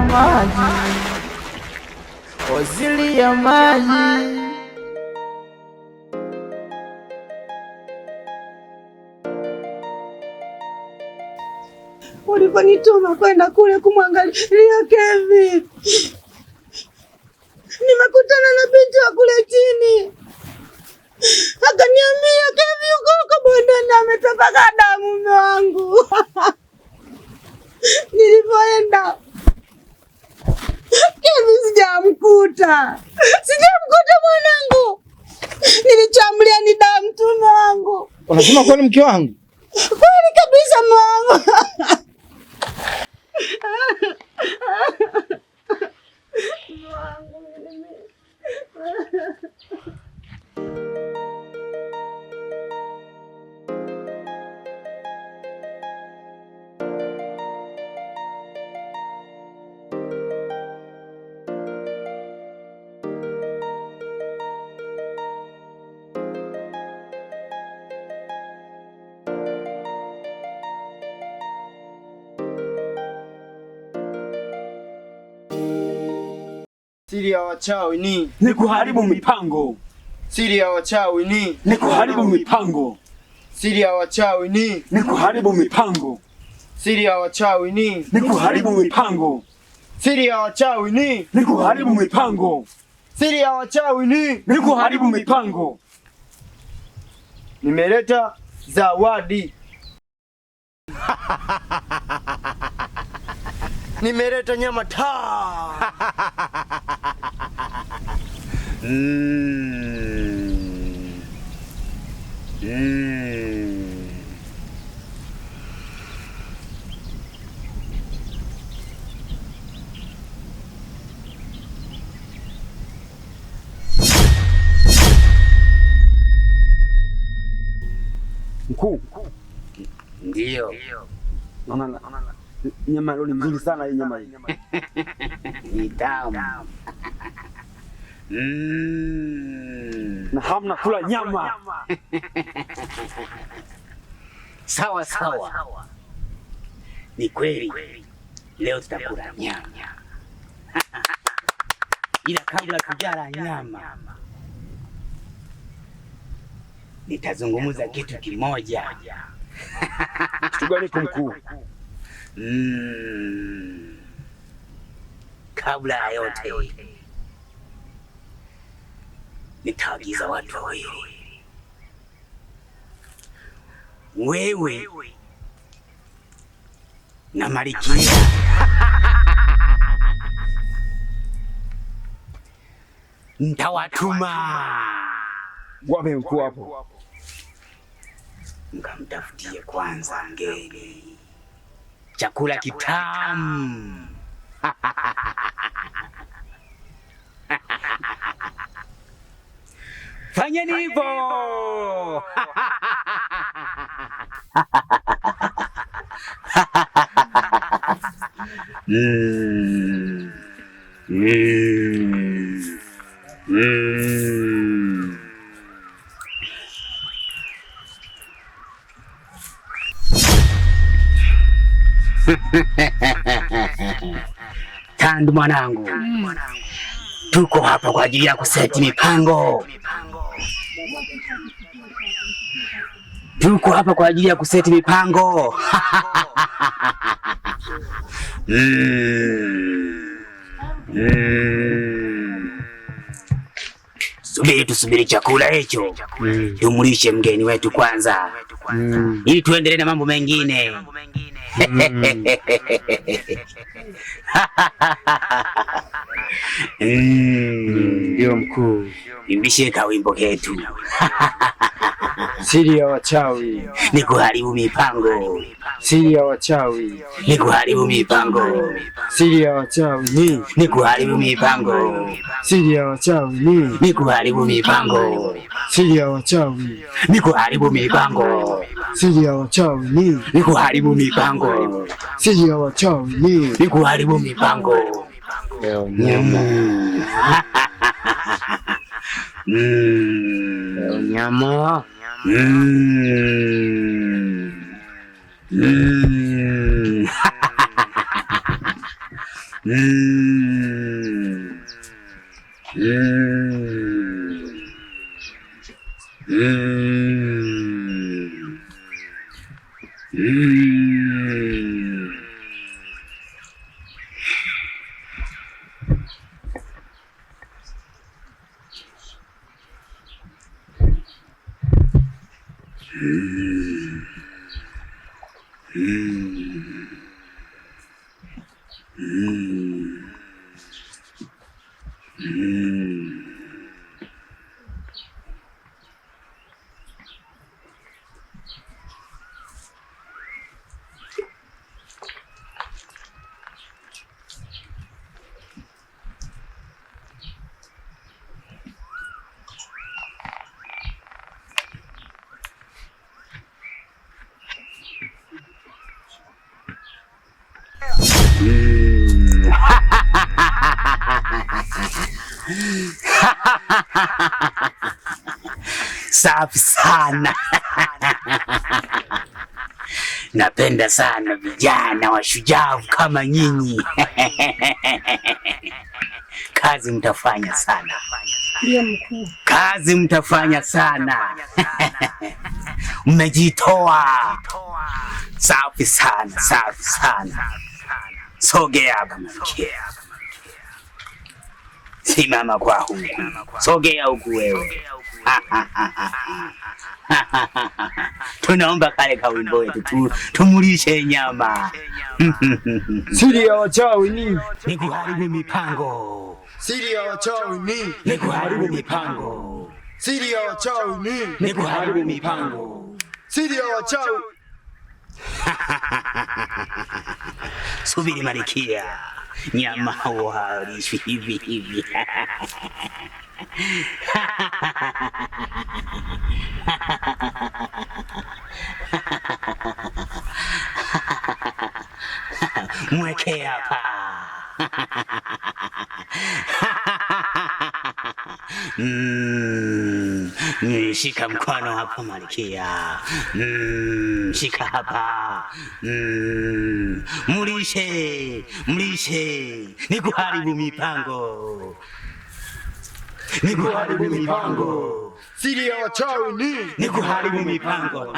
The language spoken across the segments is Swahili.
maji, Waziri ya maji. Uliponituma kwenda kule kumwangalia Kevin, nimekutana na binti wa kule chini Unasema kweli mke wangu? Siri ya wachawi ni ni kuharibu mipango. Siri ya wachawi ni ni kuharibu mipango. Siri ya wachawi ni ni kuharibu mipango. Siri ya wachawi ni ni kuharibu mipango. Siri ya wachawi ni ni kuharibu mipango. Siri ya wachawi ni ni kuharibu mipango. Nimeleta zawadi. Nimeleta nyama ta Mkuu, ndiyo naona Nyama leo ni nzuri sana hii nyama hii. Ni tamu. Na hamna kula nyama. Sawa sawa. Ni kweli. Leo tutakula nyama. Ila kabla tujala nyama, nitazungumza kitu kimoja. Kitu gani, mkuu? Mm. Kabla ya yote nitaagiza watu wawili, wewe na Malikia ntawatuma wapi? Mkuu hapo, mkamtafutie kwanza ngeni chakula kitamu. Fanyeni hivyo. Mm. Mm. Tandu mwanangu, tuko hapa kwa ajili ya kuseti mipango. Tuko hapa kwa ajili ya kuseti mipango. Subiri tusubiri chakula hicho mm. Tumulishe mgeni wetu kwanza mm. Ili tuendelee na mambo mengine. Mm. Ndio mkuu, imbishie kawimbo ketu siri ya wachawi ni kuharibu mipango. Siri ya wachawi ni kuharibu mipango. Siri ya wachawi ni ni kuharibu mipango. Siri ya wachawi ni kuharibu mipango. Siri ya wachawi ni kuharibu mipango siri ya wachawi ni ni kuharibu mipango, siri ya wachawi ni ni kuharibu mipango. Nyama nyama 음. 음. Safi sana napenda sana vijana washujaa kama nyinyi. Kazi mtafanya sana, kazi mtafanya sana, mmejitoa. Safi sana, safi sana. Sogea hapa mke. Simama kwa huku, sogea huku wewe. Tunaomba kale ka wimbo wetu tu tumulishe nyama. Siri ya wachawi ni ni kuharibu mipango. Siri ya wachawi ni ni kuharibu mipango. Siri ya wachawi ni ni kuharibu mipango. Siri ya wachawi. Subiri Malikia nyama hauhalishwi hivi hivi. Mweke hapa mm, shika mkono hapa malikia, Mm, shika hapa Mm, mlishe mlishe, ni kuharibu mipango, ni kuharibu mipango. Siri ya wachawi ni ni kuharibu mipango.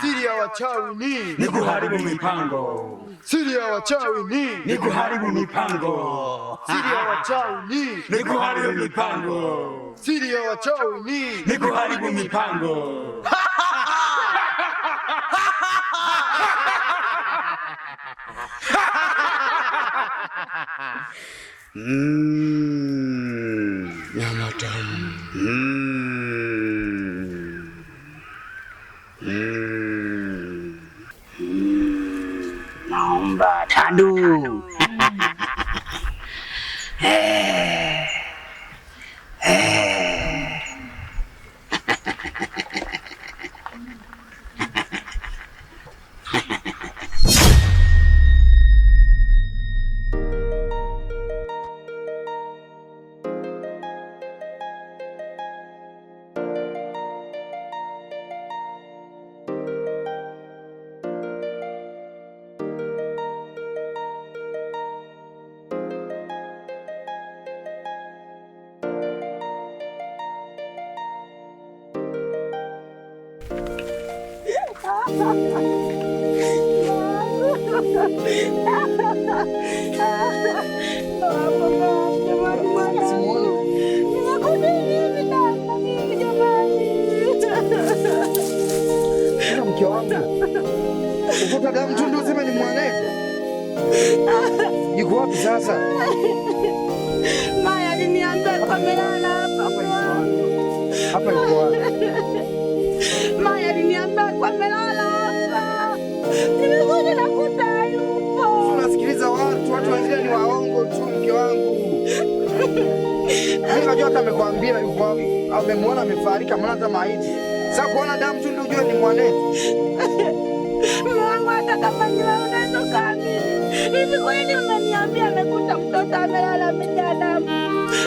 Siri ya wachawi ni ni kuharibu mipango. Siri ya wachawi ni ni kuharibu mipango. Siri ya wachawi ni ni kuharibu mipango. Siri ya wachawi ni ni kuharibu mipango. Ha! Mmm, Naomba tadu Mke wangu ni mwanene, yuko wapi sasa? watu wengine ni waongo tu. Mke wangu najua hata amekwambia amemwona amefariki, amwona hata maiti. Sasa kuona damu tu ndio ujue ni mwanetu. Mwanangu, hata kama jina unatoka amini hivi, kweli umeniambia amekuta mtoto amelala bila damu,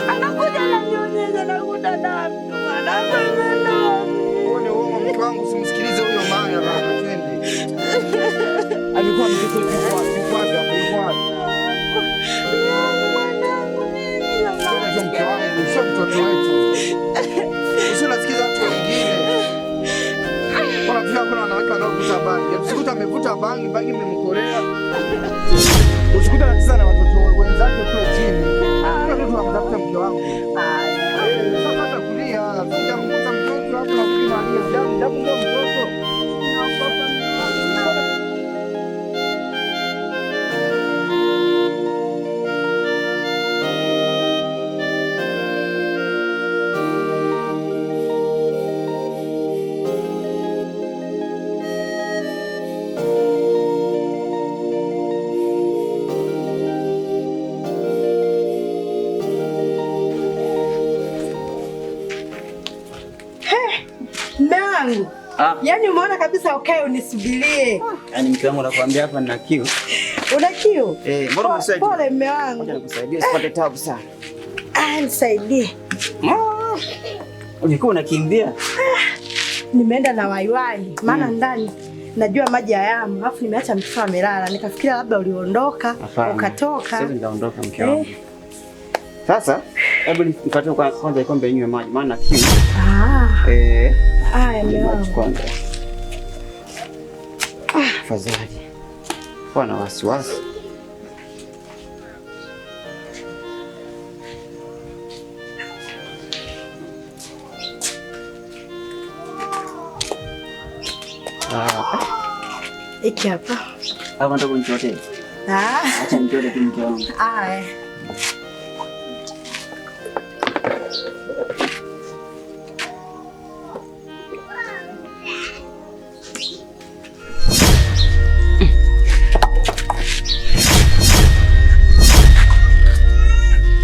anakuja nanionyesha nakuta damu tu mwanangu. Uongo mke wangu, simsikilize huyo mama twende alikuwa mtoto mtoto wetu usio nasikiza watu wengine wanapia. Kuna wanawake wanaovuta bangi, usikuta amevuta bangi, bangi imemkorea, usikuta anacheza na watoto wenzake kule chini. Watoto wanamtafuta mke wangu kulia mtoto Yaani umeona kabisa okay, unisubirie. Yaani mke wangu anakuambia hapa nina kiu. Una kiu? Eh, mbona unasema? Pole mume wangu. Ngoja nikusaidie usipate eh. taabu sana. Ah, nisaidie. Ulikuwa unakimbia? Ah, nimeenda na waiwai maana hmm, ndani najua maji hayamu, alafu nimeacha mtoto amelala, nikafikiria labda uliondoka ukatoka. Sasa nitaondoka mke wangu. Eh. Sasa hebu nipatie kwanza ikombe ninywe maji maana kiu. Ah. Eh. Haya mume wangu. Ah. wasiwasi. Iki hapa. Hapa ndo kunichotea. Ah. Acha nitoe tu mke wangu.